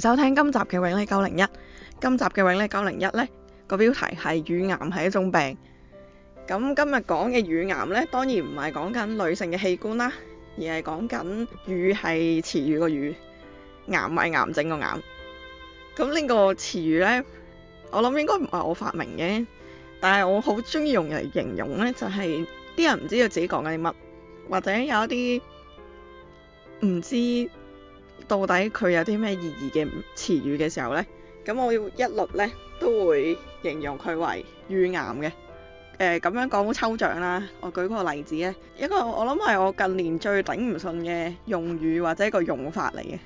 收聽今集嘅永利九零一，今集嘅永利九零一咧個標題係語癌係一種病。咁今日講嘅語癌咧，當然唔係講緊女性嘅器官啦，而係講緊語係詞語個語，癌係癌症個癌。咁呢個詞語咧，我諗應該唔係我發明嘅，但係我好中意用嚟形容咧，就係啲人唔知道自己講緊乜，或者有一啲唔知。到底佢有啲咩意義嘅詞語嘅時候呢？咁我要一律呢都會形容佢為語癌嘅。誒、呃、咁樣講好抽象啦。我舉個例子咧，一個我諗係我近年最頂唔順嘅用語或者一個用法嚟嘅，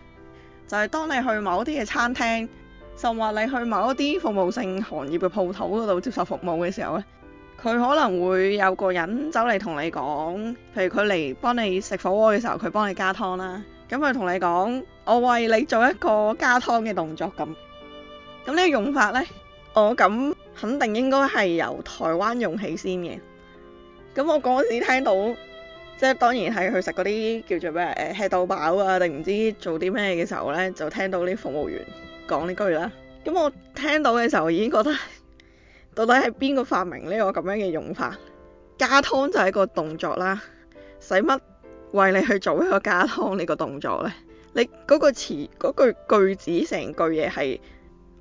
就係、是、當你去某一啲嘅餐廳，甚或你去某一啲服務性行業嘅鋪頭嗰度接受服務嘅時候咧，佢可能會有個人走嚟同你講，譬如佢嚟幫你食火鍋嘅時候，佢幫你加湯啦。咁佢同你講，我為你做一個加湯嘅動作咁。咁呢個用法咧，我咁肯定應該係由台灣用起先嘅。咁我嗰時聽到，即係當然係去食嗰啲叫做咩誒吃到飽啊，定唔知做啲咩嘅時候咧，就聽到啲服務員講呢句啦。咁我聽到嘅時候已經覺得，到底係邊個發明呢個咁樣嘅用法？加湯就係一個動作啦，使乜？為你去做一個加湯呢個動作呢，你嗰個詞、嗰句句子、成句嘢係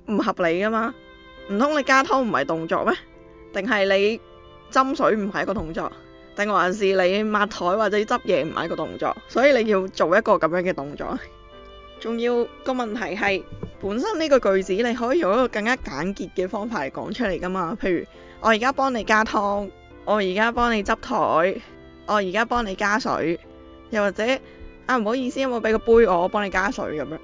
唔合理噶嘛？唔通你加湯唔係動作咩？定係你斟水唔係一個動作？定還是你抹台或者執嘢唔係一個動作？所以你要做一個咁樣嘅動作。仲 要個問題係，本身呢個句子你可以用一個更加簡潔嘅方法嚟講出嚟噶嘛？譬如我而家幫你加湯，我而家幫你執台，我而家幫，幫你加水。又或者啊，唔好意思，有冇俾個杯我，我幫你加水咁樣，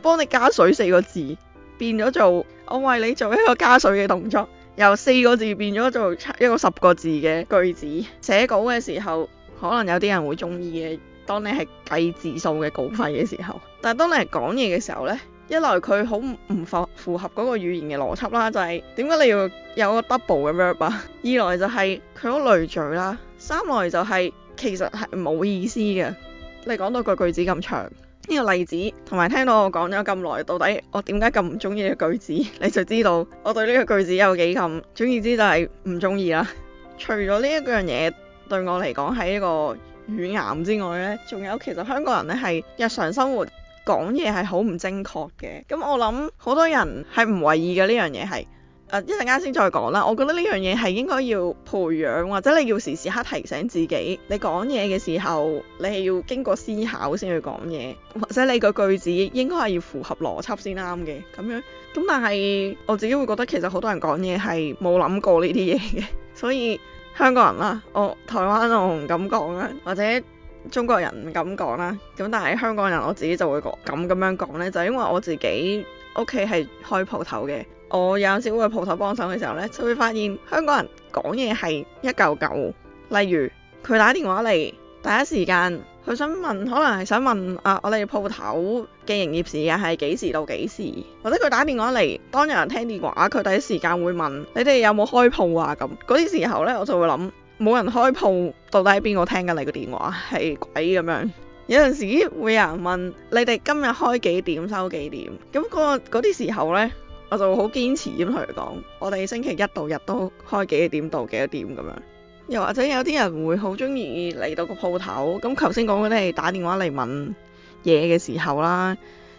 幫你加水四個字變咗做我為你做一個加水嘅動作，由四個字變咗做一個十個字嘅句子。寫稿嘅時候可能有啲人會中意嘅，當你係計字數嘅稿費嘅時候，但係當你係講嘢嘅時候咧，一來佢好唔符合嗰個語言嘅邏輯啦，就係點解你要有一個 double 嘅 verb 啊？二來就係佢好累贅啦，三來就係、是。其實係冇意思嘅，你講到個句子咁長，呢個例子。同埋聽到我講咗咁耐，到底我點解咁唔中意嘅句子，你就知道我對呢個句子有幾咁中意，之就係唔中意啦。除咗呢一樣嘢對我嚟講係一個語癌之外呢，仲有其實香港人咧，係日常生活講嘢係好唔正確嘅。咁我諗好多人係唔為意嘅，呢樣嘢係。誒一陣間先再講啦。我覺得呢樣嘢係應該要培養，或者你要時時刻提醒自己，你講嘢嘅時候，你係要經過思考先去講嘢，或者你個句子應該係要符合邏輯先啱嘅咁樣。咁但係我自己會覺得其實好多人講嘢係冇諗過呢啲嘢嘅，所以香港人啦，我台灣我唔敢講啦，或者中國人唔敢講啦。咁但係香港人我自己就會覺咁咁樣講咧，就係因為我自己屋企係開鋪頭嘅。我有少少去鋪頭幫手嘅時候呢，就會發現香港人講嘢係一嚿嚿。例如佢打電話嚟，第一時間佢想問，可能係想問啊，我哋鋪頭嘅營業時間係幾時到幾時？或者佢打電話嚟，當有人聽電話，佢第一時間會問你哋有冇開鋪啊？咁嗰啲時候呢，我就會諗冇人開鋪，到底係邊個聽緊你個電話係鬼咁樣？ 有陣時會有人問你哋今日開幾點收幾點？咁嗰啲時候呢。我就好堅持咁同佢講，我哋星期一到日都開幾多點到幾多點咁樣。又或者有啲人會好中意嚟到個鋪頭，咁頭先講嗰啲係打電話嚟問嘢嘅時候啦。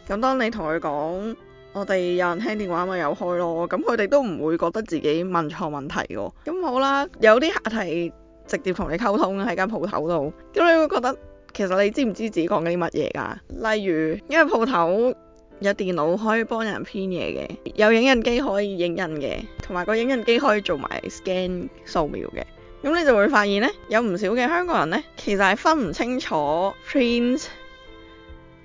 咁當你同佢講，我哋有人聽電話咪有開咯，咁佢哋都唔會覺得自己問錯問題㗎。咁好啦，有啲客係直接同你溝通喺間鋪頭度，咁你會覺得其實你知唔知自己講緊啲乜嘢㗎？例如因為鋪頭。有電腦可以幫人編嘢嘅，有影印機可以影印嘅，同埋個影印機可以做埋 scan 掃描嘅。咁你就會發現呢，有唔少嘅香港人呢，其實係分唔清楚 print、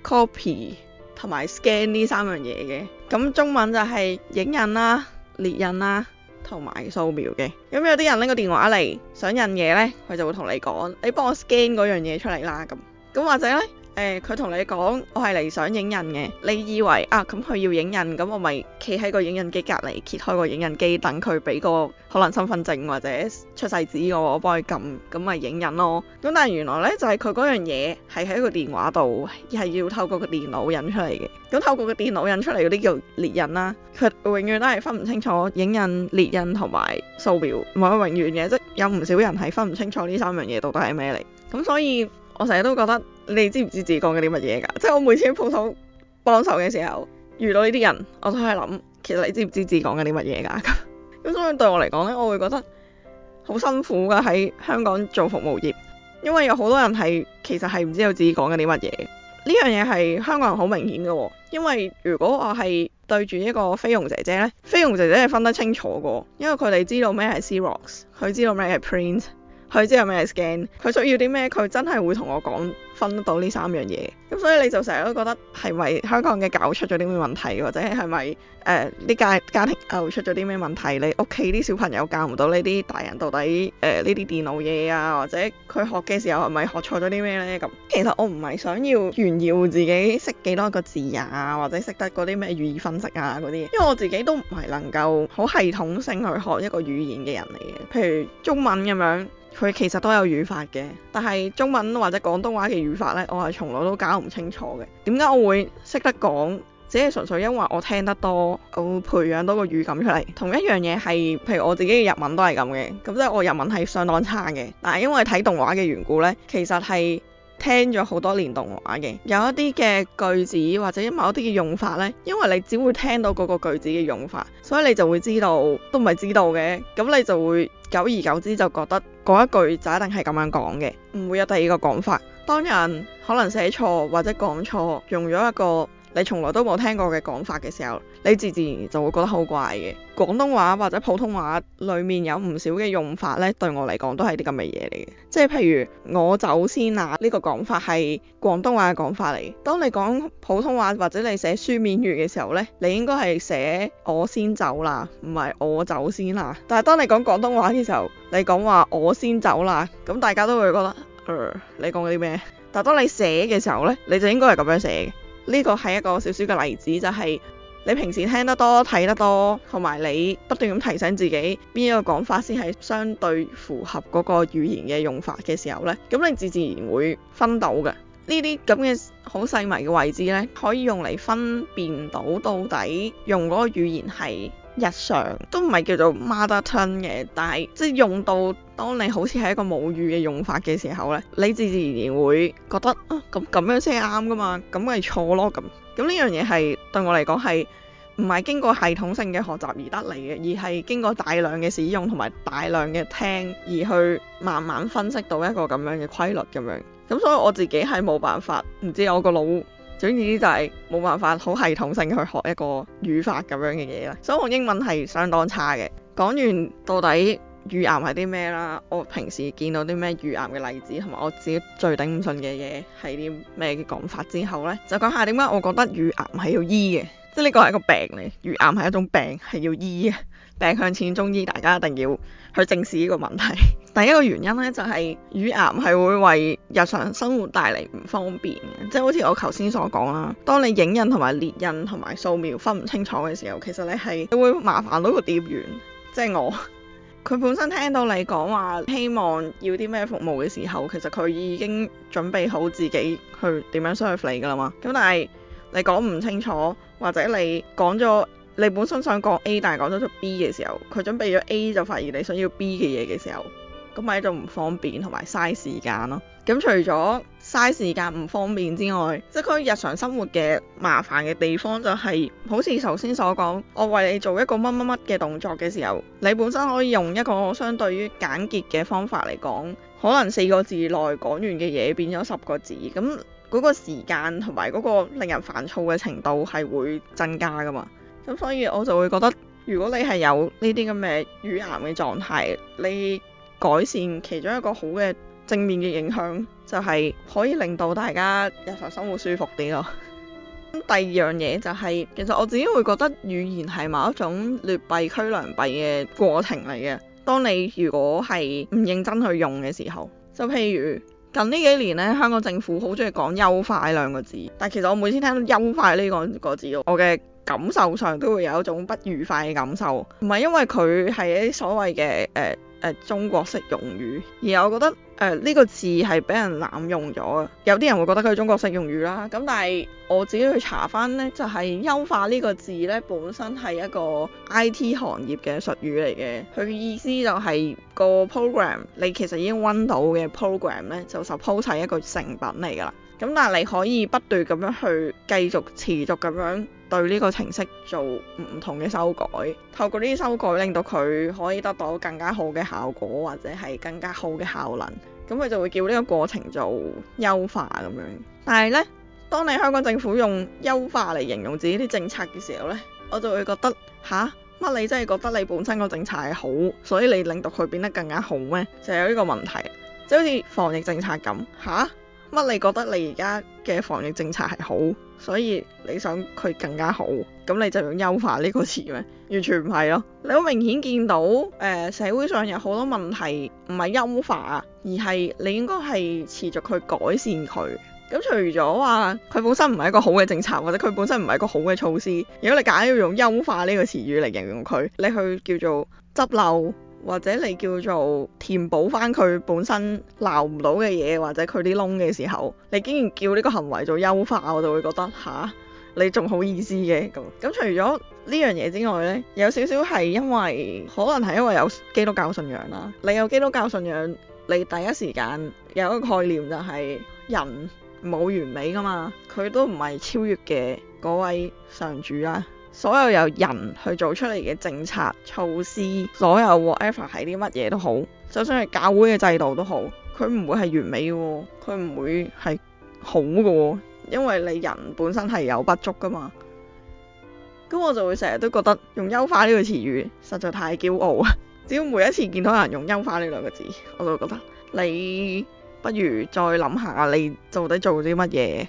copy 同埋 scan 呢三樣嘢嘅。咁中文就係影印啦、列印啦同埋掃描嘅。咁有啲人拎個電話嚟想印嘢呢，佢就會同你講：你幫我 scan 嗰樣嘢出嚟啦。咁咁或者呢。誒，佢同、欸、你講，我係嚟想影印嘅。你以為啊，咁佢要影印，咁我咪企喺個影印機隔離揭開個影印機，等佢俾個可能身份證或者出世紙我，我幫佢撳，咁咪影印咯。咁但係原來咧，就係佢嗰樣嘢係喺個電話度，係要透過個電腦印出嚟嘅。咁透過個電腦印出嚟嗰啲叫列印啦。佢永遠都係分唔清楚影印、列印同埋掃描，唔係永遠嘅，即係有唔少人係分唔清楚呢三樣嘢到底係咩嚟。咁所以我成日都覺得。你知唔知自己講緊啲乜嘢㗎？即係我每次喺鋪頭幫手嘅時候，遇到呢啲人，我都係諗，其實你知唔知自己講緊啲乜嘢㗎？咁 咁所以對我嚟講呢，我會覺得好辛苦㗎，喺香港做服務業，因為有好多人係其實係唔知道自己講緊啲乜嘢。呢樣嘢係香港人好明顯嘅喎，因為如果我係對住一個菲傭姐姐呢，菲傭姐姐係分得清楚嘅，因為佢哋知道咩係 Xerox，佢知道咩係 print。佢知有咩係 scan，佢需要啲咩，佢真係會同我講分到呢三樣嘢。咁所以你就成日都覺得係咪香港嘅教育出咗啲咩問題，或者係咪誒啲家家庭教育出咗啲咩問題？你屋企啲小朋友教唔到呢啲大人到底誒呢啲電腦嘢啊，或者佢學嘅時候係咪學錯咗啲咩咧？咁其實我唔係想要炫耀自己識幾多個字啊，或者識得嗰啲咩語義分析啊嗰啲，因為我自己都唔係能夠好系統性去學一個語言嘅人嚟嘅，譬如中文咁樣。佢其實都有語法嘅，但係中文或者廣東話嘅語法呢，我係從來都搞唔清楚嘅。點解我會識得講？只係純粹因為我聽得多，我會培養到個語感出嚟。同一樣嘢係，譬如我自己嘅日文都係咁嘅，咁即係我日文係相當差嘅。但係因為睇動畫嘅緣故呢，其實係聽咗好多年動畫嘅，有一啲嘅句子或者某啲嘅用法呢，因為你只會聽到嗰個句子嘅用法，所以你就會知道都唔係知道嘅，咁你就會久而久之就覺得。講一句就一定係咁樣講嘅，唔會有第二個講法。當人可能寫錯或者講錯，用咗一個你從來都冇聽過嘅講法嘅時候，你自自然就會覺得好怪嘅。廣東話或者普通話裏面有唔少嘅用法呢，對我嚟講都係啲咁嘅嘢嚟嘅。即係譬如我走先啦，呢個講法係廣東話嘅講法嚟。當你講普通話或者你寫書面語嘅時候呢，你應該係寫我先走啦，唔係我走先啦。但係當你講廣東話嘅時候，你講話我先走啦，咁大家都會覺得誒你講緊啲咩？但係當你寫嘅時候呢，你就應該係咁樣寫嘅。呢個係一個少少嘅例子，就係、是、你平時聽得多、睇得多，同埋你不斷咁提醒自己邊一個講法先係相對符合嗰個語言嘅用法嘅時候呢，咁你自自然會分到嘅。呢啲咁嘅好細微嘅位置呢，可以用嚟分辨到到底用嗰個語言係日常都唔係叫做 mother tongue 嘅，但係即係用到。當你好似係一個母語嘅用法嘅時候呢，你自自然然會覺得啊，咁咁樣先啱噶嘛，咁咪錯咯咁。咁呢樣嘢係對我嚟講係唔係經過系統性嘅學習而得嚟嘅，而係經過大量嘅使用同埋大量嘅聽而去慢慢分析到一個咁樣嘅規律咁樣。咁所以我自己係冇辦法，唔知我個腦總之就係冇辦法好系統性去學一個語法咁樣嘅嘢啦。所以我英文係相當差嘅。講完到底。語癌係啲咩啦？我平時見到啲咩語癌嘅例子，同埋我自己最頂唔順嘅嘢係啲咩嘅講法之後呢，就講下點解我覺得語癌係要醫嘅，即係呢個係個病嚟，語癌係一種病，係要醫嘅。病向淺中醫，大家一定要去正視呢個問題。 第一個原因呢，就係、是、語癌係會為日常生活帶嚟唔方便嘅，即係好似我頭先所講啦。當你影印同埋列印同埋掃描分唔清楚嘅時候，其實你係你會麻煩到個店員，即係我。佢本身聽到你講話希望要啲咩服務嘅時候，其實佢已經準備好自己去點樣 serve 你㗎喇嘛。咁但係你講唔清楚，或者你講咗你本身想講 A，但係講咗出 B 嘅時候，佢準備咗 A，就發現你想要 B 嘅嘢嘅時候。咁咪一度唔方便同埋嘥時間咯。咁除咗嘥時間唔方便之外，即係佢日常生活嘅麻煩嘅地方就係、是，好似頭先所講，我為你做一個乜乜乜嘅動作嘅時候，你本身可以用一個相對於簡潔嘅方法嚟講，可能四個字內講完嘅嘢變咗十個字，咁嗰個時間同埋嗰個令人煩躁嘅程度係會增加噶嘛。咁所以我就會覺得，如果你係有呢啲咁嘅語癌嘅狀態，你改善其中一個好嘅正面嘅影響，就係、是、可以令到大家日常生活舒服啲咯。 第二樣嘢就係、是，其實我自己會覺得語言係某一種劣幣驅良幣嘅過程嚟嘅。當你如果係唔認真去用嘅時候，就譬如近呢幾年咧，香港政府好中意講「優化」兩個字，但其實我每次聽到「優化」呢、這個那個字，我嘅感受上都會有一種不愉快嘅感受，唔係因為佢係一啲所謂嘅誒。呃呃、中國式用語，而我覺得誒呢、呃呢個字係俾人濫用咗。有啲人會覺得佢中國式用語啦，咁但係我自己去查返呢，就係、係、優化呢個字呢，本身係一個 IT 行業嘅術語嚟嘅，佢嘅意思就係、係個個 program，你其實已經溫到嘅 program 呢，就 suppose 就鋪砌一個成品嚟㗎啦。咁但係你可以不斷咁樣去繼續持續咁樣。對呢個程式做唔同嘅修改，透過呢啲修改令到佢可以得到更加好嘅效果，或者係更加好嘅效能，咁佢就會叫呢個過程做優化咁樣。但係咧，當你香港政府用優化嚟形容自己啲政策嘅時候咧，我就會覺得吓乜、啊、你真係覺得你本身個政策係好，所以你令到佢變得更加好咩？就有呢個問題，即係好似防疫政策咁吓。啊乜你覺得你而家嘅防疫政策係好，所以你想佢更加好，咁你就用優化呢個詞咩？完全唔係咯，你好明顯見到誒，呃，社會上有好多問題唔係優化，而係你應該係持續去改善佢。咁除咗話佢本身唔係一個好嘅政策，或者佢本身唔係一個好嘅措施，如果你揀要用優化呢個詞語嚟形容佢，你去叫做執漏。或者你叫做填補翻佢本身鬧唔到嘅嘢，或者佢啲窿嘅時候，你竟然叫呢個行為做優化，我就會覺得吓，你仲好意思嘅咁。咁除咗呢樣嘢之外呢，有少少係因為可能係因為有基督教信仰啦。你有基督教信仰，你第一時間有一個概念就係人冇完美㗎嘛，佢都唔係超越嘅嗰位上主啦、啊。所有由人去做出嚟嘅政策措施，所有 whatever 係啲乜嘢都好，就算係教會嘅制度都好，佢唔會係完美嘅，佢唔會係好嘅，因為你人本身係有不足噶嘛。咁我就會成日都覺得用優化呢個詞語實在太驕傲啊！只要每一次見到有人用優化呢兩個字，我就覺得你不如再諗下你到底做啲乜嘢，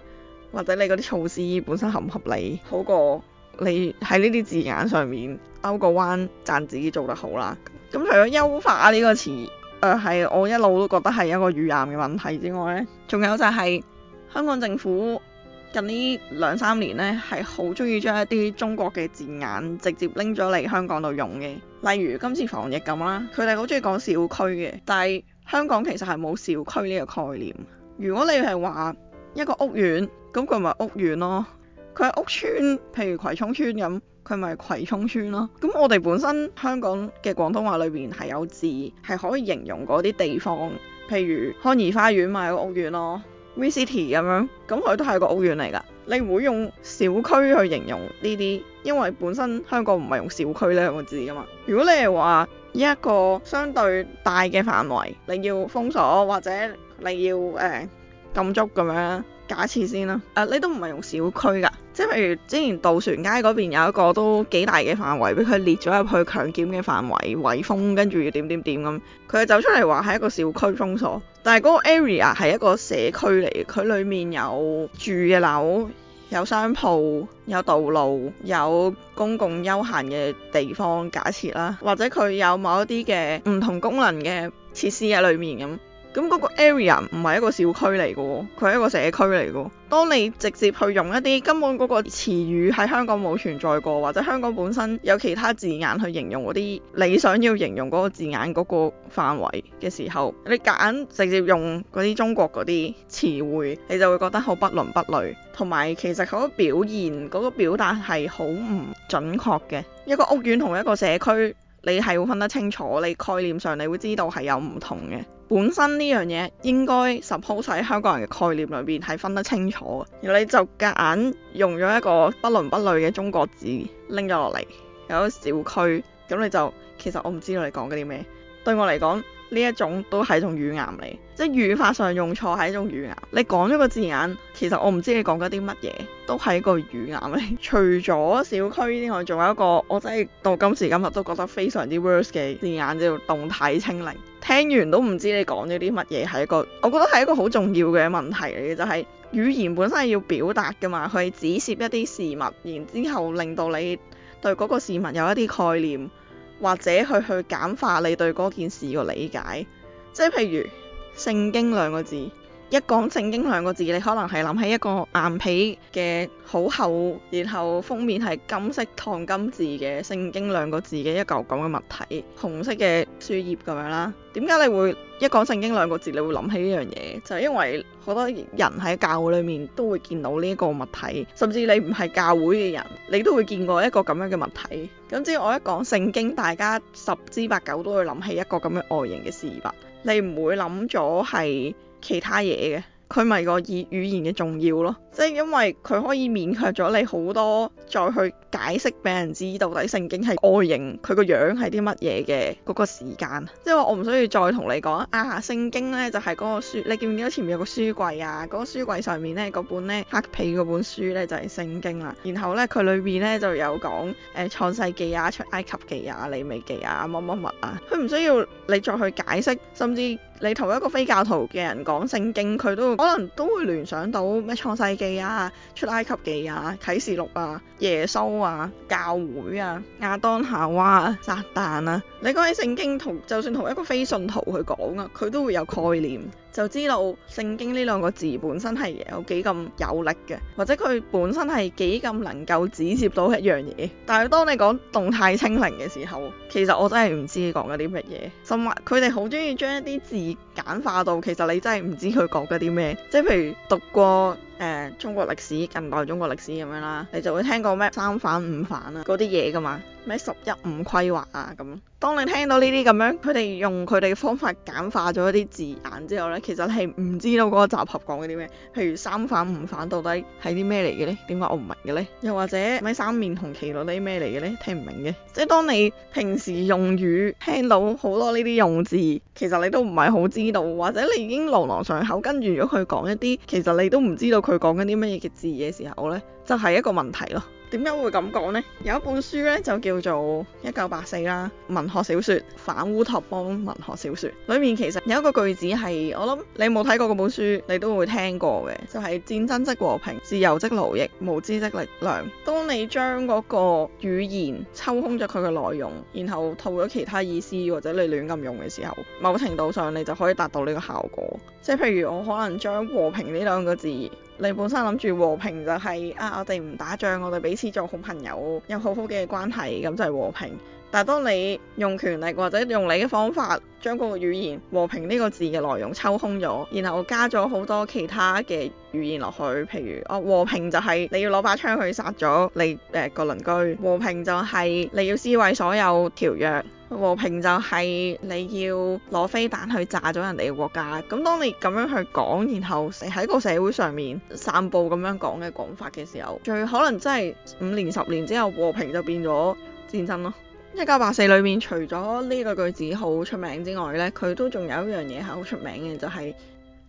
或者你嗰啲措施本身合唔合理，好過。你喺呢啲字眼上面勾個彎，讚自己做得好啦。咁除咗優化呢個詞，誒、呃、係我一路都覺得係一個語癌嘅問題之外呢，仲有就係香港政府近呢兩三年呢，係好中意將一啲中國嘅字眼直接拎咗嚟香港度用嘅。例如今次防疫咁啦，佢哋好中意講小區嘅，但係香港其實係冇小區呢個概念。如果你係話一個屋苑，咁佢咪屋苑咯。佢屋村，譬如葵涌村咁，佢咪葵涌村咯。咁我哋本身香港嘅廣東話裏邊係有字係可以形容嗰啲地方，譬如康怡花園咪個屋苑咯，V City 咁樣，咁佢都係個屋苑嚟㗎。你唔會用小區去形容呢啲，因為本身香港唔係用小區呢兩個字㗎嘛。如果你係話一個相對大嘅範圍，你要封鎖或者你要誒、呃、禁足咁樣，假設先啦、啊，誒、呃、你都唔係用小區㗎。即係譬如之前渡船街嗰邊有一個都幾大嘅範圍俾佢列咗入去強檢嘅範圍，圍封，跟住要點點點咁。佢走出嚟話係一個小區封鎖，但係嗰個 area 係一個社區嚟，佢裏面有住嘅樓，有商鋪，有道路、有公共休閒嘅地方，假設啦，或者佢有某一啲嘅唔同功能嘅設施喺裏面咁。咁嗰個 area 唔係一個小區嚟嘅，佢係一個社區嚟嘅。當你直接去用一啲根本嗰個詞語喺香港冇存在過，或者香港本身有其他字眼去形容嗰啲你想要形容嗰個字眼嗰個範圍嘅時候，你夾硬直接用嗰啲中國嗰啲詞彙，你就會覺得好不倫不類，同埋其實嗰個表現嗰個表達係好唔準確嘅。一個屋苑同一個社區，你係會分得清楚，你概念上你會知道係有唔同嘅。本身呢樣嘢應該 suppose 喺香港人嘅概念裏邊係分得清楚嘅，而你就夾硬用咗一個不倫不類嘅中國字拎咗落嚟，有個小區，咁你就其實我唔知道你講緊啲咩。對我嚟講，呢一種都係一種語癌嚟，即係語法上用錯係一種語癌。你講咗個字眼，其實我唔知你講緊啲乜嘢，都係一個語癌嚟。除咗小區之外，仲有一個我真係到今時今日都覺得非常之 worse 嘅字眼，就叫動態清零。聽完都唔知你講咗啲乜嘢，係一個，我覺得係一個好重要嘅問題嚟嘅，就係語言本身係要表達噶嘛，佢係指涉一啲事物，然之後令到你對嗰個事物有一啲概念，或者佢去簡化你對嗰件事嘅理解，即係譬如《聖經》兩個字。一講聖經兩個字，你可能係諗起一個硬皮嘅好厚，然後封面係金色燙金字嘅聖經兩個字嘅一嚿咁嘅物體，紅色嘅書頁咁樣啦。點解你會一講聖經兩個字，你會諗起呢樣嘢？就因為好多人喺教會裏面都會見到呢一個物體，甚至你唔係教會嘅人，你都會見過一個咁樣嘅物體。咁只要我一講聖經，大家十之八九都會諗起一個咁樣外形嘅事物，你唔會諗咗係其他嘢嘅，佢咪個語語言嘅重要咯。即係因為佢可以勉強咗你好多，再去解釋俾人知到底聖經係外形，佢個樣係啲乜嘢嘅嗰個時間。即係話我唔需要再同你講啊，聖經呢就係嗰個書，你見唔見到前面有個書櫃啊？嗰、嗰個書櫃上面呢，嗰本呢黑皮嗰本書呢就係聖經啦、啊。然後呢，佢裏面呢就有講誒創世記啊、出埃及記啊、利未記啊、乜乜乜啊。佢唔需要你再去解釋，甚至你同一個非教徒嘅人講聖經，佢都可能都會聯想到咩創世記。啊，出埃及記啊，啟示錄啊，耶穌啊，教會啊，亞當夏娃啊，撒旦啊。你講起聖經同，就算同一個非信徒去講啊，佢都會有概念，就知道聖經呢兩個字本身係有幾咁有力嘅，或者佢本身係幾咁能夠指涉到一樣嘢。但係當你講動態清零嘅時候，其實我真係唔知你講緊啲乜嘢，甚至佢哋好中意將一啲字簡化到，其實你真係唔知佢講緊啲咩。即係譬如讀過誒、呃、中國歷史、近代中國歷史咁樣啦，你就會聽過咩三反五反啊嗰啲嘢㗎嘛，咩十一五規劃啊咁。當你聽到呢啲咁樣，佢哋用佢哋嘅方法簡化咗一啲字眼之後呢，其實係唔知道嗰個集合講緊啲咩。譬如三反五反到底係啲咩嚟嘅呢？點解我唔明嘅呢？又或者咩三面紅旗嗰啲咩嚟嘅呢？聽唔明嘅。即係當你平時用語聽到好多呢啲用字，其實你都唔係好知道，或者你已經朗朗上口，跟住咗佢講一啲，其實你都唔知道佢講緊啲咩嘅字嘅時候呢就係一個問題咯。點解會咁講呢？有一本書咧就叫做《一九八四》啦，文學小說，反烏托邦文學小說。裡面其實有一個句子係，我諗你冇睇過嗰本書，你都會聽過嘅，就係「戰爭即和平，自由即奴役，無知即力量」。當你將嗰個語言抽空咗佢嘅內容，然後套咗其他意思，或者你亂咁用嘅時候，某程度上你就可以達到呢個效果。即係譬如我可能將和平呢兩個字。你本身諗住和平就係啊，我哋唔打仗，我哋彼此做好朋友，有好好嘅關係，咁就係和平。但係當你用權力或者用你嘅方法，將個語言和平呢個字嘅內容抽空咗，然後加咗好多其他嘅語言落去，譬如哦、啊、和平就係你要攞把槍去殺咗你誒個、呃、鄰居，和平就係你要撕毀所有條約，和平就係你要攞飛彈去炸咗人哋嘅國家。咁、嗯、當你咁樣去講，然後喺個社會上面散布咁樣講嘅講法嘅時候，最可能真係五年十年之後和平就變咗戰爭咯。一九八四裏面除咗呢個句子好出名之外呢，佢都仲有一樣嘢係好出名嘅，就係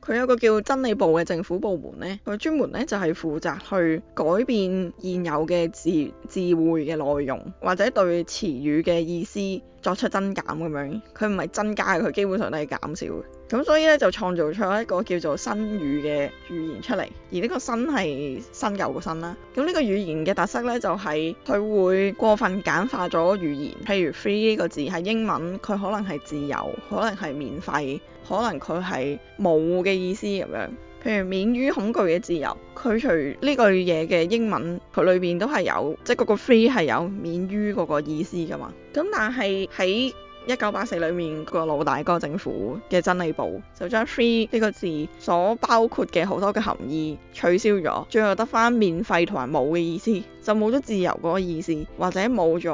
佢有個叫真理部嘅政府部門呢，佢專門呢就係負責去改變現有嘅字字匯嘅內容，或者對詞語嘅意思作出增減咁樣。佢唔係增加嘅，佢基本上都係減少嘅。咁所以咧就創造出一個叫做新語嘅語言出嚟，而呢個新係新舊個新啦。咁、這、呢個語言嘅特色咧就係佢會過分簡化咗語言，譬如 free 呢個字係英文，佢可能係自由，可能係免費，可能佢係冇嘅意思咁樣。譬如免於恐懼嘅自由，佢除呢句嘢嘅英文，佢裏邊都係有即係、就是、個 free 係有免於個個意思噶嘛。咁但係喺一九八四裏面個老大哥政府嘅真理部就將 free 呢個字所包括嘅好多嘅含義取消咗，最後得返免費同埋冇嘅意思，就冇咗自由嗰個意思，或者冇咗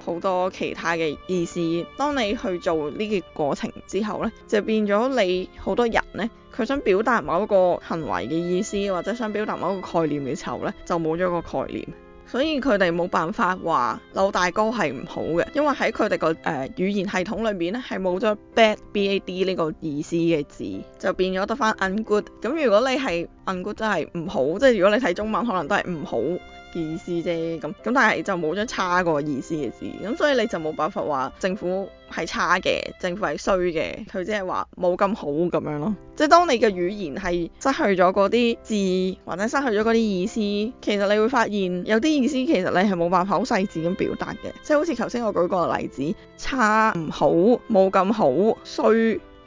好多其他嘅意思。當你去做呢個過程之後呢，就變咗你好多人呢，佢想表達某一個行為嘅意思，或者想表達某一個概念嘅時候呢，就冇咗個概念。所以佢哋冇辦法話柳大哥係唔好嘅，因為喺佢哋個誒語言系統裏面咧，係冇咗 bad B-A-D 呢個意思嘅字，就變咗得返 ungood。咁如果你係 ungood 就係唔好，即係如果你睇中文可能都係唔好。意思啫，咁咁但係就冇咗差個意思嘅字，咁所以你就冇辦法話政府係差嘅，政府係衰嘅，佢即係話冇咁好咁樣咯。即係當你嘅語言係失去咗嗰啲字或者失去咗嗰啲意思，其實你會發現有啲意思其實你係冇辦法好細緻咁表達嘅。即係好似頭先我舉個例子，差、唔好、冇咁好、衰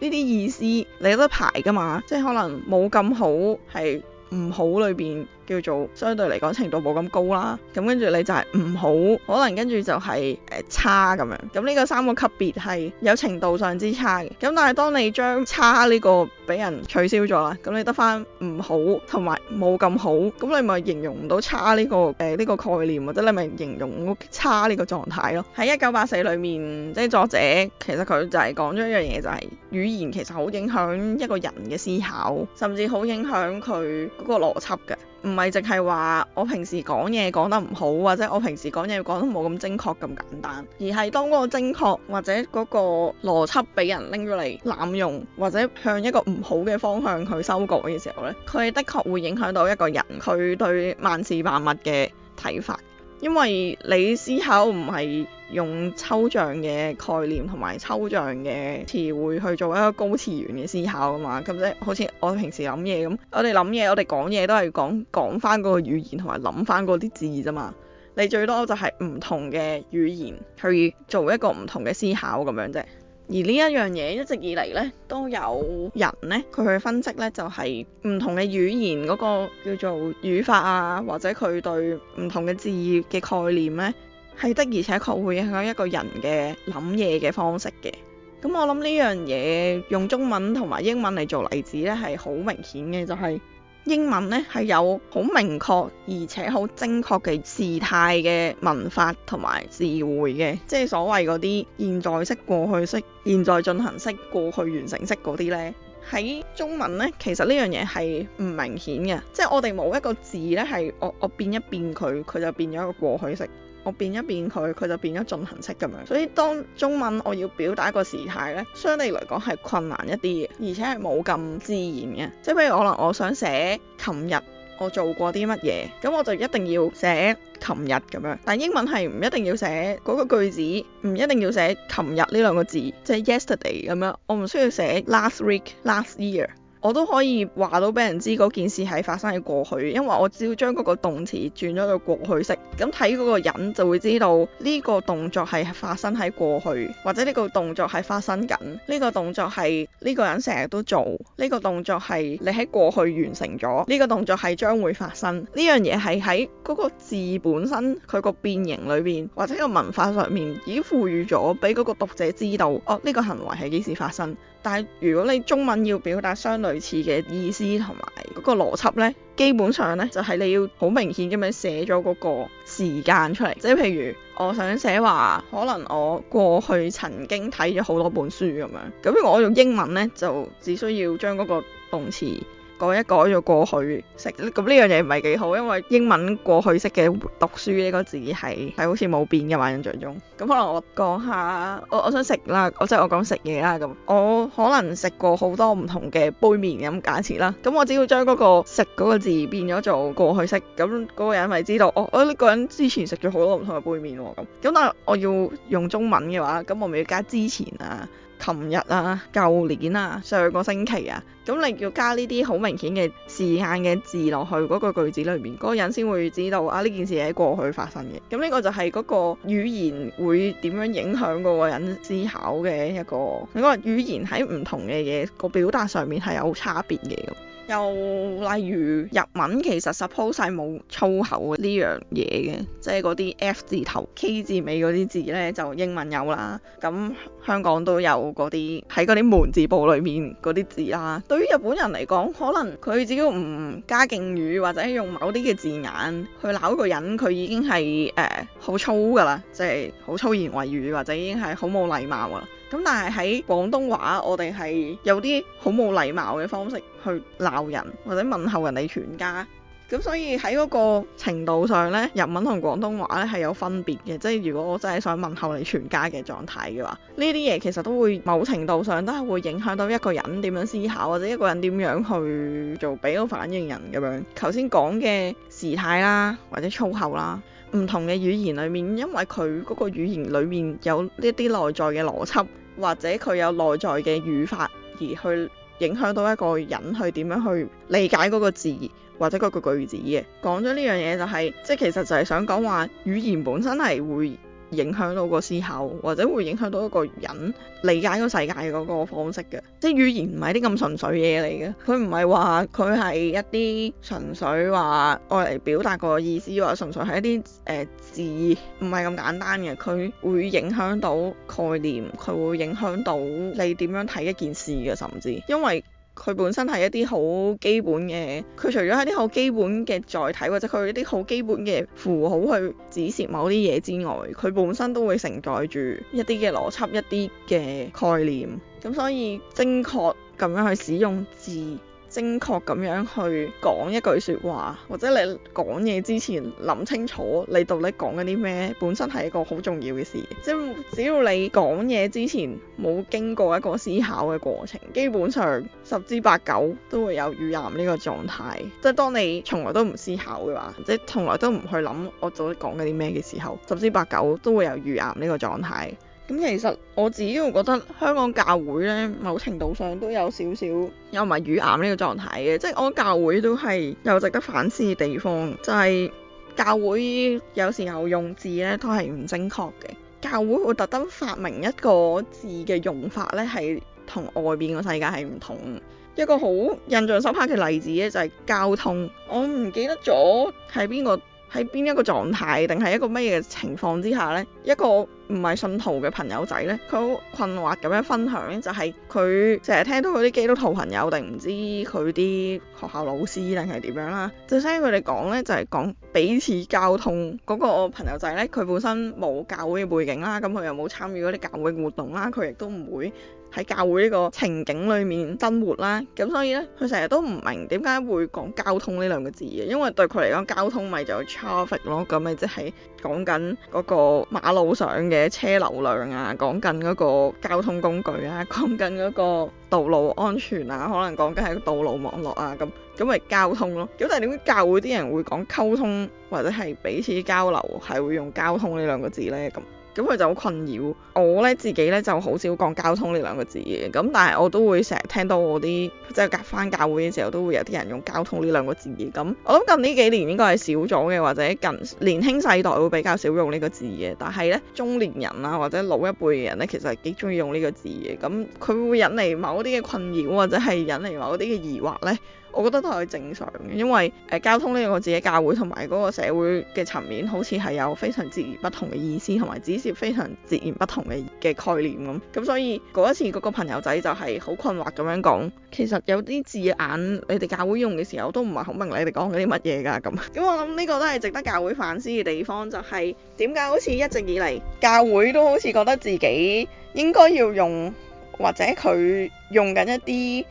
呢啲意思，你有得排㗎嘛？即係可能冇咁好係唔好裏邊。叫做相對嚟講程度冇咁高啦，咁跟住你就係唔好，可能跟住就係、是、誒、呃、差咁樣。咁呢個三個級別係有程度上之差嘅。咁但係當你將差呢個俾人取消咗啦，咁你得翻、唔好同埋冇咁好，咁你咪形容唔到差呢、呢個誒呢、呃呢個概念，或者你咪形容差呢個狀態咯。喺一九八四裏面，即、就、係、是、作者其實佢就係講咗一樣嘢，就是，就係語言其實好影響一個人嘅思考，甚至好影響佢嗰個邏輯嘅。唔係淨係話我平時講嘢講得唔好，或者我平時講嘢講得冇咁精確咁簡單，而係當嗰個精確或者嗰個邏輯俾人拎咗嚟濫用，或者向一個唔好嘅方向去修改嘅時候咧，佢的確會影響到一個人佢對萬事萬物嘅睇法，因為你思考唔係。用抽象嘅概念同埋抽象嘅詞彙去做一個高次元嘅思考啊嘛。咁即好似我平時諗嘢咁，我哋諗嘢，我哋講嘢都係講講翻嗰個語言同埋諗翻嗰啲字啫嘛，你最多就係唔同嘅語言去做一個唔同嘅思考咁樣啫。而呢一樣嘢一直以嚟咧都有人咧佢去分析咧，就係唔同嘅語言嗰個叫做語法啊，或者佢對唔同嘅字嘅概念咧。係的，而且確會影響一個人嘅諗嘢嘅方式嘅。咁我諗呢樣嘢用中文同埋英文嚟做例子呢係好明顯嘅。就係英文呢係有好明確而且好精確嘅時態嘅文法同埋字匯嘅，即係所謂嗰啲現在式、過去式、現在進行式、過去完成式嗰啲呢，喺中文呢其實呢樣嘢係唔明顯嘅，即係我哋冇一個字呢係我我變一變佢，佢就變咗一個過去式。我變一變佢，佢就變咗進行式咁樣。所以當中文我要表達一個時態呢，相對嚟講係困難一啲嘅，而且係冇咁自然嘅。即係譬如可能我想寫琴日我做過啲乜嘢，咁我就一定要寫琴日咁樣。但英文係唔一定要寫嗰個句子，唔一定要寫琴日呢兩個字，即係 yesterday 咁樣。我唔需要寫 last week、last year。我都可以話到俾人知嗰件事係發生喺過去，因為我只要將嗰個動詞轉咗個過去式，咁睇嗰個人就會知道呢個動作係發生喺過去，或者呢個動作係發生緊，呢個動作係呢個人成日都做，呢個動作係你喺過去完成咗，呢個動作係將會發生，呢樣嘢係喺嗰個字本身佢個變形裏面，或者個文化上面已經賦予咗俾嗰個讀者知道，哦呢個行為係幾時發生。但係如果你中文要表達相類似嘅意思同埋嗰個邏輯呢，基本上呢就係你要好明顯咁樣寫咗嗰個時間出嚟，即係譬如我想寫話，可能我過去曾經睇咗好多本書咁樣，咁我用英文呢，就只需要將嗰個動詞。改一改做過去式，咁呢樣嘢唔係幾好，因為英文過去式嘅讀書呢個字係係好似冇變嘅嘛。印象中。咁可能我講下，我我想食啦，我即係我講食嘢啦咁，我可能食過好多唔同嘅杯麵咁假設啦。咁我只要將嗰個食嗰個字變咗做過去式，咁、那、嗰個人咪知道我我呢個人之前食咗好多唔同嘅杯麵喎咁。咁但係我要用中文嘅話，咁我咪要加之前啊？琴日啊，舊年啊，上個星期啊，咁你要加呢啲好明顯嘅時間嘅字落去嗰個句子裏面，嗰個人先會知道啊呢件事係過去發生嘅。咁呢個就係嗰個語言會點樣影響嗰個人思考嘅一個。你嗰個語言喺唔同嘅嘢個表達上面係有差別嘅。又例如日文其實 suppose 曬冇粗口呢樣嘢嘅，即係嗰啲 F 字頭 K 字尾嗰啲字呢，就英文有啦，咁香港都有嗰啲喺嗰啲門字部裏面嗰啲字啦。對於日本人嚟講，可能佢只要唔加敬語或者用某啲嘅字眼去鬧個人，佢已經係誒好粗㗎啦，即係好粗言穢語或者已經係好冇禮貌啦。咁但係喺廣東話，我哋係有啲好冇禮貌嘅方式去鬧人或者問候人哋全家。咁所以喺嗰個程度上呢，日文同廣東話呢，係有分別嘅。即係如果我真係想問候你全家嘅狀態嘅話，呢啲嘢其實都會某程度上都係會影響到一個人點樣思考或者一個人點樣去做俾個反應人咁樣。頭先講嘅時態啦，或者粗口啦，唔同嘅語言裡面，因為佢嗰個語言裡面有呢啲內在嘅邏輯。或者佢有內在嘅語法，而去影響到一個人去點樣去理解嗰個字或者嗰個句子嘅。講咗呢樣嘢就係、係，即其實就係想講話語言本身係會。影響到個思考，或者會影響到一個人理解個世界嗰個方式嘅。即係語言唔係啲咁純粹嘢嚟嘅，佢唔係話佢係一啲純粹話愛嚟表達個意思，或者純粹係一啲誒、呃、字，唔係咁簡單嘅。佢會影響到概念，佢會影響到你點樣睇一件事嘅，甚至因為。佢本身係一啲好基本嘅，佢除咗係一啲好基本嘅載體，或者佢一啲好基本嘅符號去指示某啲嘢之外，佢本身都會承載住一啲嘅邏輯、一啲嘅概念，咁所以精確咁樣去使用字。精確咁樣去講一句説話，或者你講嘢之前諗清楚你到底講緊啲咩，本身係一個好重要嘅事。即係只要你講嘢之前冇經過一個思考嘅過程，基本上十之八九都會有語癌呢個狀態。即係當你從來都唔思考嘅話，即係從來都唔去諗我到底講緊啲咩嘅時候，十之八九都會有語癌呢個狀態。咁其實我自己會覺得香港教會呢某程度上都有少少有埋語癌呢個狀態嘅，即係我覺得教會都係有值得反思嘅地方，就係、是、教會有時候用字呢都係唔正確嘅，教會會特登發明一個字嘅用法呢係同外邊嘅世界係唔同，一個好印象深刻嘅例子呢就係交通，我唔記得咗係邊個。喺邊一個狀態定係一個乜嘢情況之下呢，一個唔係信徒嘅朋友仔呢，佢好困惑咁樣分享，就係佢成日聽到佢啲基督徒朋友，定唔知佢啲學校老師定係點樣啦，就聽佢哋講呢，就係講彼此交通。嗰個朋友仔呢，佢本身冇教會嘅背景啦，咁佢又冇參與嗰啲教會活動啦，佢亦都唔會。喺教會呢個情景裏面生活啦，咁所以呢，佢成日都唔明點解會講交通呢兩個字，因為對佢嚟講，交通咪就係 traffic 咯，咁咪即係講緊嗰個馬路上嘅車流量啊，講緊嗰個交通工具啊，講緊嗰個道路安全啊，可能講緊係道路網絡啊咁咪交通咯。咁但係點解教會啲人會講溝通或者係彼此交流，係會用交通呢兩個字呢？咁咁佢就好困擾我咧。自己咧就好少講交通呢兩個字嘅。咁但係我都會成日聽到我啲即係隔翻教會嘅時候，都會有啲人用交通呢兩個字嘅。咁我諗近呢幾年應該係少咗嘅，或者近年輕世代會比較少用呢個字嘅。但係咧中年人啊或者老一輩嘅人咧，其實係幾中意用呢個字嘅。咁佢會引嚟某啲嘅困擾，或者係引嚟某啲嘅疑惑呢。我覺得都係正常嘅，因為誒、呃、交通呢個自己教會同埋嗰個社會嘅層面好似係有非常截然不同嘅意思，同埋指示非常截然不同嘅嘅概念咁。咁所以嗰一次嗰個朋友仔就係好困惑咁樣講，其實有啲字眼你哋教會用嘅時候都唔係好明你哋講緊啲乜嘢㗎咁。咁我諗呢個都係值得教會反思嘅地方，就係點解好似一直以嚟教會都好似覺得自己應該要用或者佢用緊一啲。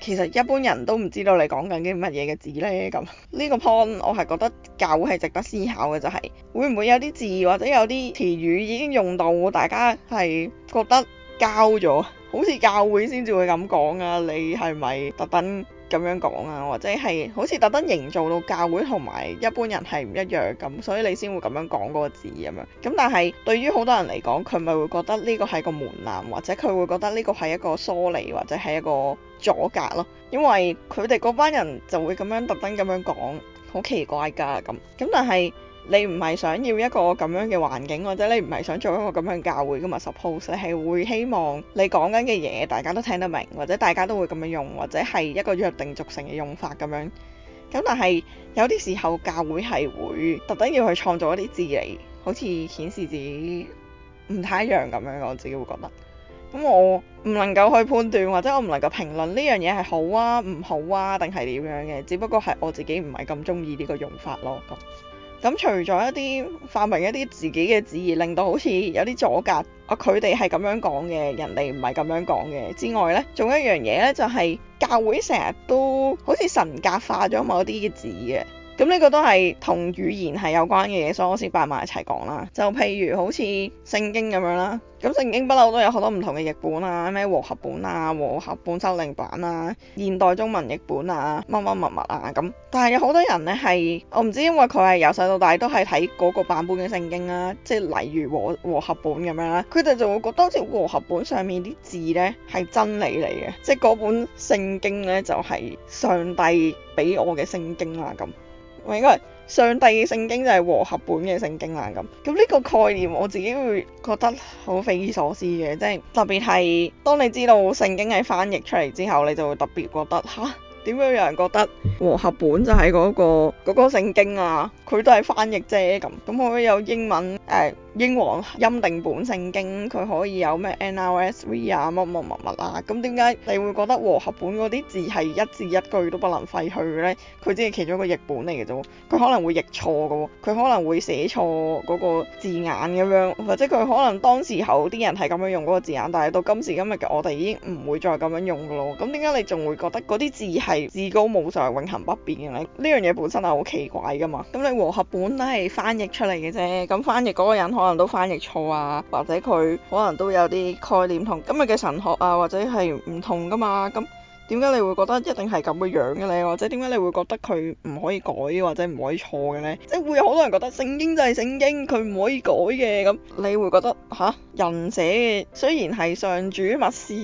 其實一般人都唔知道你講緊啲乜嘢嘅字呢。咁呢個 point 我係覺得教會係值得思考嘅就係會唔會有啲字或者有啲詞語已經用到大家係覺得交咗，好似教會先至會咁講啊？你係咪特登咁樣講啊？或者係好似特登營造到教會同埋一般人係唔一樣咁，所以你先會咁樣講嗰個字咁樣？咁但係對於好多人嚟講，佢咪會覺得呢個係個門檻，或者佢會覺得呢個係一個疏離，或者係一個。阻隔咯，因為佢哋嗰班人就會咁樣特登咁樣講，好奇怪㗎咁。咁但係你唔係想要一個咁樣嘅環境，或者你唔係想做一個咁樣教會嘅嘛？Suppose 係會希望你講緊嘅嘢大家都聽得明，或者大家都會咁樣用，或者係一個約定俗成嘅用法咁樣。咁但係有啲時候教會係會特登要去創造一啲字嚟，好似顯示自己唔太一樣咁樣，我自己會覺得。咁我唔能夠去判斷或者我唔能夠評論呢樣嘢係好啊，唔好啊，定係點樣嘅，只不過係我自己唔係咁中意呢個用法咯。咁咁除咗一啲發明一啲自己嘅旨意，令到好似有啲阻隔，啊佢哋係咁樣講嘅，人哋唔係咁樣講嘅之外呢，仲有一樣嘢呢，就係教會成日都好似神格化咗某啲嘅旨意。咁呢個都係同語言係有關嘅嘢，所以我先擺埋一齊講啦。就譬如好似聖經咁樣啦，咁聖經不嬲都有好多唔同嘅譯本啊，咩和合本啊、和合本修訂版啊、現代中文譯本啊、乜乜物物啊咁。但係有好多人呢，係我唔知，因為佢係由細到大都係睇嗰個版本嘅聖經啦，即係例如和和合本咁樣啦，佢哋就會覺得好似和合本上面啲字呢係真理嚟嘅，即係嗰本聖經呢就係上帝俾我嘅聖經啦咁。應該係上帝嘅聖經就係和合本嘅聖經啦咁。咁呢個概念我自己會覺得好匪夷所思嘅，即係特別係當你知道聖經係翻譯出嚟之後，你就會特別覺得吓，點樣有人覺得和合本就係嗰個嗰個聖經啊？佢都係翻譯啫咁。咁可以有英文誒？哎英皇欽定本聖經，佢可以有咩 NRSV 啊乜乜乜乜啊咁點解你會覺得和合本嗰啲字係一字一句都不能廢去嘅咧？佢只係其中一個譯本嚟嘅啫，佢可能會譯錯嘅喎，佢可能會寫錯嗰個字眼咁樣，或者佢可能當時後啲人係咁樣用嗰個字眼，但係到今時今日嘅我哋已經唔會再咁樣用嘅咯。咁點解你仲會覺得嗰啲字係至高無上、永恆不變嘅咧？呢樣嘢本身係好奇怪嘅嘛。咁你和合本都係翻譯出嚟嘅啫，咁翻譯嗰個人可可能都翻譯錯啊，或者佢可能都有啲概念同今日嘅神學啊，或者係唔同噶嘛咁。點解你會覺得一定係咁嘅樣嘅呢？或者點解你會覺得佢唔可以改或者唔可以錯嘅呢？即係會有好多人覺得聖經就係聖經，佢唔可以改嘅咁。你會覺得吓，人寫嘅雖然係上主默示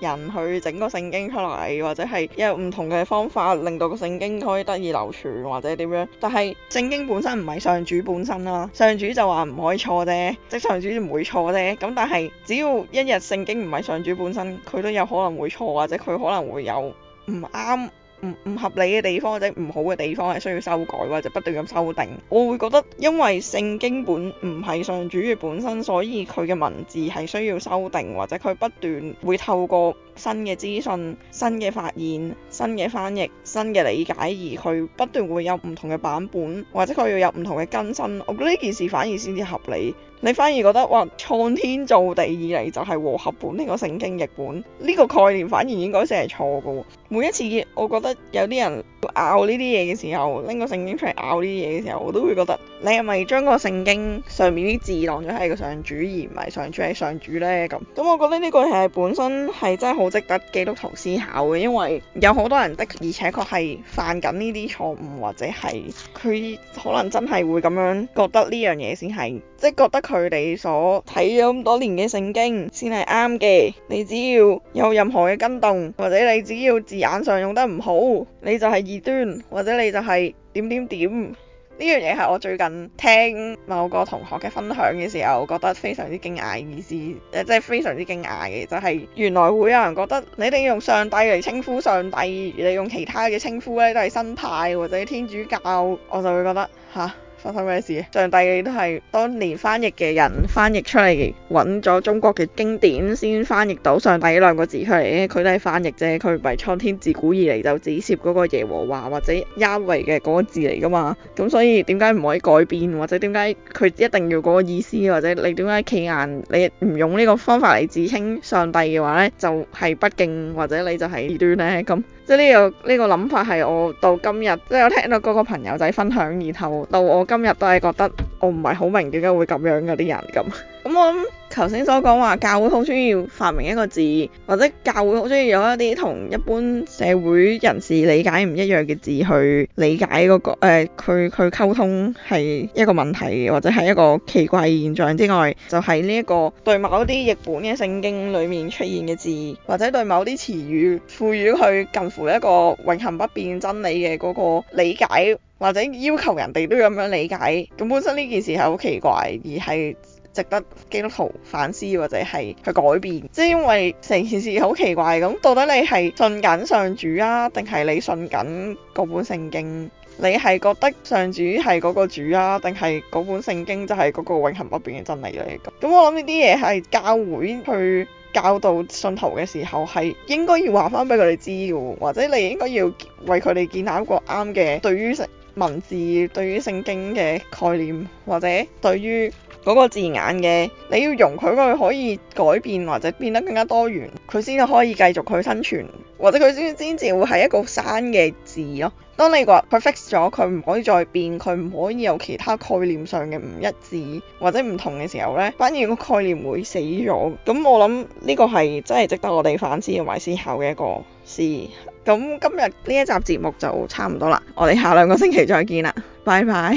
人去整個聖經出嚟，或者係用唔同嘅方法令到個聖經可以得以流傳或者點樣，但係聖經本身唔係上主本身啦。上主就話唔可以錯啫，即上主唔會錯啫。咁但係只要一日聖經唔係上主本身，佢都有可能會錯或者佢可能會有。有唔啱、唔唔合理嘅地方或者唔好嘅地方，係需要修改或者不斷咁修訂。我會覺得，因為聖經本唔係上主嘅本身，所以佢嘅文字係需要修訂，或者佢不斷會透過新嘅資訊、新嘅發現。新嘅翻譯，新嘅理解而佢不斷會有唔同嘅版本，或者佢要有唔同嘅更新，我覺得呢件事反而先至合理。你反而覺得哇，創天造地以嚟就係和合本呢個聖經譯本呢個概念反而應該先係錯嘅。每一次我覺得有啲人拗呢啲嘢嘅時候，拎個聖經出嚟拗呢啲嘢嘅時候，我都會覺得你係咪將個聖經上面啲字當咗係個上主而唔係上主係上主咧咁？咁我覺得呢個係本身係真係好值得基督徒思考嘅，因為有好。好多人的，而且確係犯緊呢啲錯誤，或者係佢可能真係會咁樣覺得呢樣嘢先係，即係覺得佢哋所睇咗咁多年嘅聖經先係啱嘅。你只要有任何嘅跟動，或者你只要字眼上用得唔好，你就係異端，或者你就係點點點。呢樣嘢係我最近聽某個同學嘅分享嘅時候，覺得非常之驚訝，意思即係非常之驚訝嘅，就係原來會有人覺得你一定要用上帝嚟稱呼上帝，而你用其他嘅稱呼咧都係新派或者天主教，我就會覺得吓！發生咩事？上帝都係當年翻譯嘅人翻譯出嚟，揾咗中國嘅經典先翻譯到上帝呢兩個字出嚟嘅。佢都係翻譯啫，佢唔係蒼天自古以嚟就指涉嗰個耶和華或者亞維嘅嗰個字嚟噶嘛。咁所以點解唔可以改變，或者點解佢一定要嗰個意思，或者你點解企硬你唔用呢個方法嚟自稱上帝嘅話呢就係、是、不敬，或者你就係異端呢咁。即係呢個諗、這個、法係我到今日，即我聽到嗰個朋友仔分享以後，到我今日都係覺得我唔係好明點解會咁樣嘅啲人咁。 頭先所講話，教會好中意發明一個字，或者教會好中意用一啲同一般社會人士理解唔一樣嘅字去理解嗰個、呃、佢佢溝通係一個問題，或者係一個奇怪現象之外，就喺呢一個對某啲譯本嘅聖經裡面出現嘅字，或者對某啲詞語賦予佢近乎一個永恆不變真理嘅嗰個理解，或者要求人哋都咁樣理解，咁本身呢件事係好奇怪而係。值得基督徒反思或者係去改變，即係因為成件事好奇怪咁。到底你係信緊上主啊定係你信緊嗰本聖經？你係覺得上主係嗰個主啊定係嗰本聖經就係嗰個永恆不變嘅真理咧？咁，咁我諗呢啲嘢係教會去教導信徒嘅時候係應該要話翻俾佢哋知嘅，或者你應該要為佢哋建立一個啱嘅、對於文字、對於聖經嘅概念，或者對於。嗰個字眼嘅，你要容佢，佢可以改變或者變得更加多元，佢先至可以繼續去生存，或者佢先至會係一個生嘅字咯。當你話佢 fix 咗，佢唔可以再變，佢唔可以有其他概念上嘅唔一致或者唔同嘅時候呢，反而個概念會死咗。咁我諗呢個係真係值得我哋反思同埋思考嘅一個事。咁今日呢一集節目就差唔多啦，我哋下兩個星期再見啦，拜拜。